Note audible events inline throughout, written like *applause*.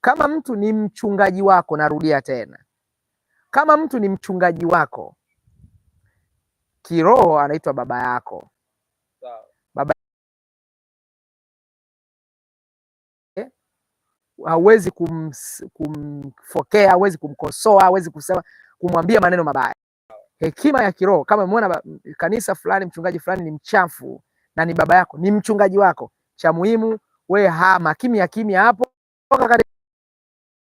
Kama mtu ni mchungaji wako, narudia tena, kama mtu ni mchungaji wako kiroho, anaitwa baba yako. Baba hauwezi kum, kumfokea, hawezi kumkosoa, hawezi kusema kumwambia maneno mabaya. Hekima ya kiroho, kama umeona kanisa fulani, mchungaji fulani ni mchafu na ni baba yako, ni mchungaji wako, cha muhimu wewe hama kimya kimya hapo toka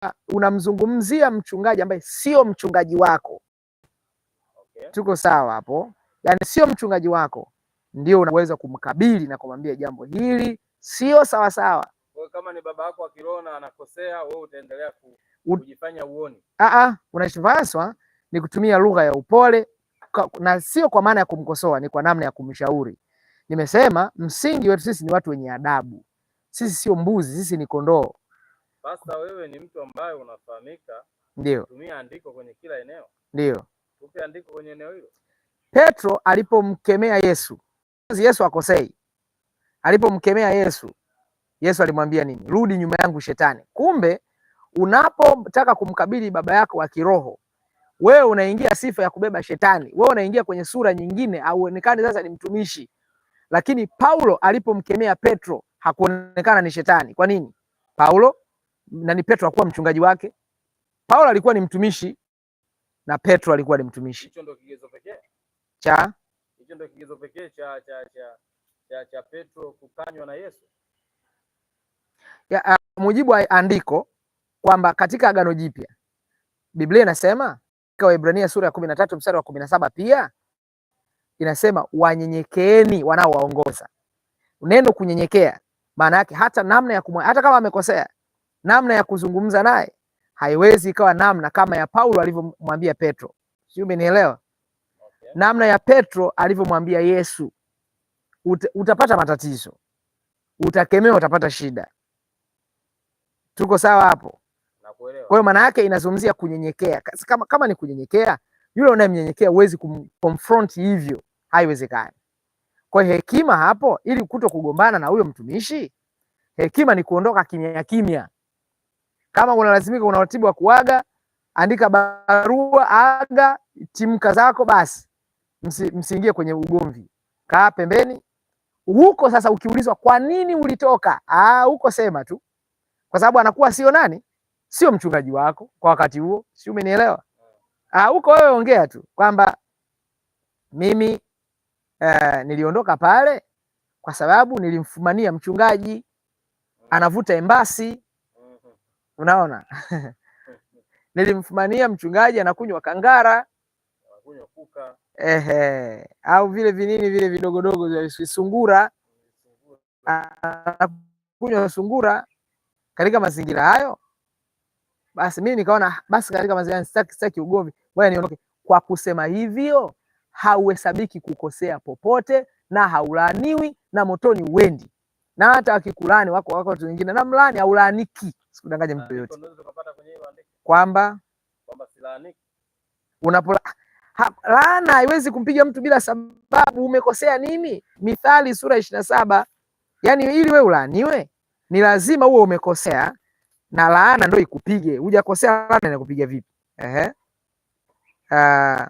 Ah, unamzungumzia mchungaji ambaye sio mchungaji wako okay. Tuko sawa hapo, yaani sio mchungaji wako ndio unaweza kumkabili na kumwambia jambo hili sio sawa sawa. Kwa kama ni baba yako akiroho na anakosea, wewe utaendelea kujifanya uoni. Ah ah, unachopaswa ni kutumia lugha ya upole na sio kwa maana ya kumkosoa, ni kwa namna ya kumshauri. Nimesema msingi wetu sisi ni watu wenye adabu, sisi sio mbuzi, sisi ni kondoo. Sasa wewe ni mtu ambaye unafahamika, ndio tumia andiko kwenye kila eneo, ndio tupe andiko kwenye eneo hilo. Petro alipomkemea Yesu, Yesu akosei, alipomkemea Yesu, Yesu alimwambia nini? Rudi nyuma yangu Shetani. Kumbe unapotaka kumkabili baba yako wa kiroho wewe unaingia sifa ya kubeba shetani, wewe unaingia kwenye sura nyingine, auonekani sasa ni mtumishi. Lakini Paulo alipomkemea Petro hakuonekana ni shetani. Kwa nini? Paulo nani Petro akuwa mchungaji wake, Paulo alikuwa ni mtumishi na Petro alikuwa ni mtumishi. Hicho ndio kigezo pekee cha hicho ndio kigezo pekee cha cha cha cha, cha Petro kukanywa na Yesu ya, uh, mujibu wa andiko kwamba katika Agano Jipya Biblia inasema katika Waebrania sura ya kumi na tatu mstari wa kumi na saba pia inasema wanyenyekeeni wanaowaongoza. Neno kunyenyekea maana yake hata namna ya kumwa, hata kama amekosea namna ya kuzungumza naye haiwezi ikawa namna kama ya Paulo alivyomwambia Petro, si Umenielewa? okay. namna ya Petro alivyomwambia Yesu Ut, utapata matatizo, utakemewa, utapata shida. Tuko sawa hapo? Nakuelewa. Kwa hiyo maana yake inazungumzia kunyenyekea. Kama, kama ni kunyenyekea, yule unayemnyenyekea huwezi kumconfront hivyo, haiwezekani. Kwa hiyo hekima hapo, ili kuto kugombana na huyo mtumishi, hekima ni kuondoka kimya kimya kama unalazimika una uratibu wa kuaga, andika barua, aga timka zako basi, msiingie kwenye ugomvi, kaa pembeni huko. Sasa ukiulizwa kwa nini ulitoka, ah, huko sema tu, kwa sababu anakuwa sio nani, sio mchungaji wako kwa wakati huo, si umenielewa? Ah, huko wewe ongea tu kwamba mimi eh, niliondoka pale kwa sababu nilimfumania mchungaji anavuta embasi Unaona? *laughs* Nilimfumania mchungaji anakunywa kangara, anakunywa kuka. Ehe, au vile vinini vile vidogodogo vya sungura, anakunywa sungura katika mazingira hayo. Basi mimi nikaona basi, katika mazingira sitaki sitaki ugomvi, ngoja niondoke. Kwa kusema hivyo, hauhesabiki kukosea popote na haulaaniwi na motoni uendi, na hata wakikulaani wako wako watu wengine na mlaani, haulaaniki usidanganye ah, mtu yote kwamba unapola laana haiwezi kumpiga mtu bila sababu. Umekosea nini? Mithali sura ishirini na saba. Yani ili we ulaaniwe ni lazima uwe umekosea na laana ndo ikupige. Hujakosea, laana inakupiga vipi? Ehe, uh,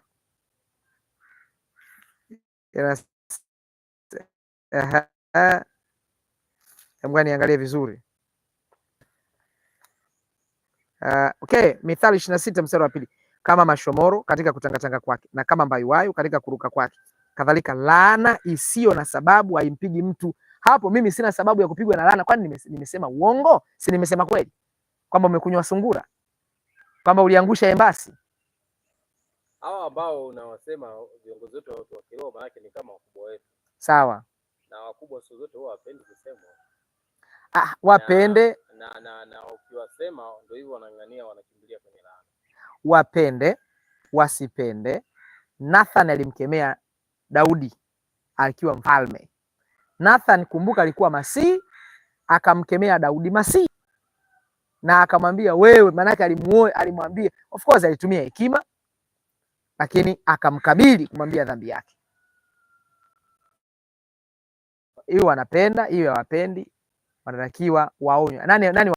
ehe, niangalie vizuri Uh, okay, Mithali 26 mstari wa pili, kama mashomoro katika kutangatanga kwake na kama mbayuwayu katika kuruka kwake, kadhalika laana isiyo na sababu haimpigi mtu. Hapo mimi sina sababu ya kupigwa na laana, kwani nimesema uongo? Si nimesema kweli kwamba umekunywa sungura, kwamba uliangusha embasi. Hawa ambao unawasema viongozi wetu wa kiroho, maana ni kama wakubwa wetu, sawa na wakubwa sio zote huwa wapendi kusema. Ah, wapende na na, na, na ukiwasema ndio hivyo wanang'ania, wanakimbilia kwenye laana. Wapende wasipende, Nathan alimkemea Daudi akiwa mfalme. Nathan, kumbuka, alikuwa masii akamkemea Daudi masii na akamwambia wewe, maanake alimuoe, alimwambia, of course alitumia hekima, lakini akamkabili kumwambia dhambi yake. Iwe wanapenda iwe hawapendi, wanatakiwa waonywe. Nani, nani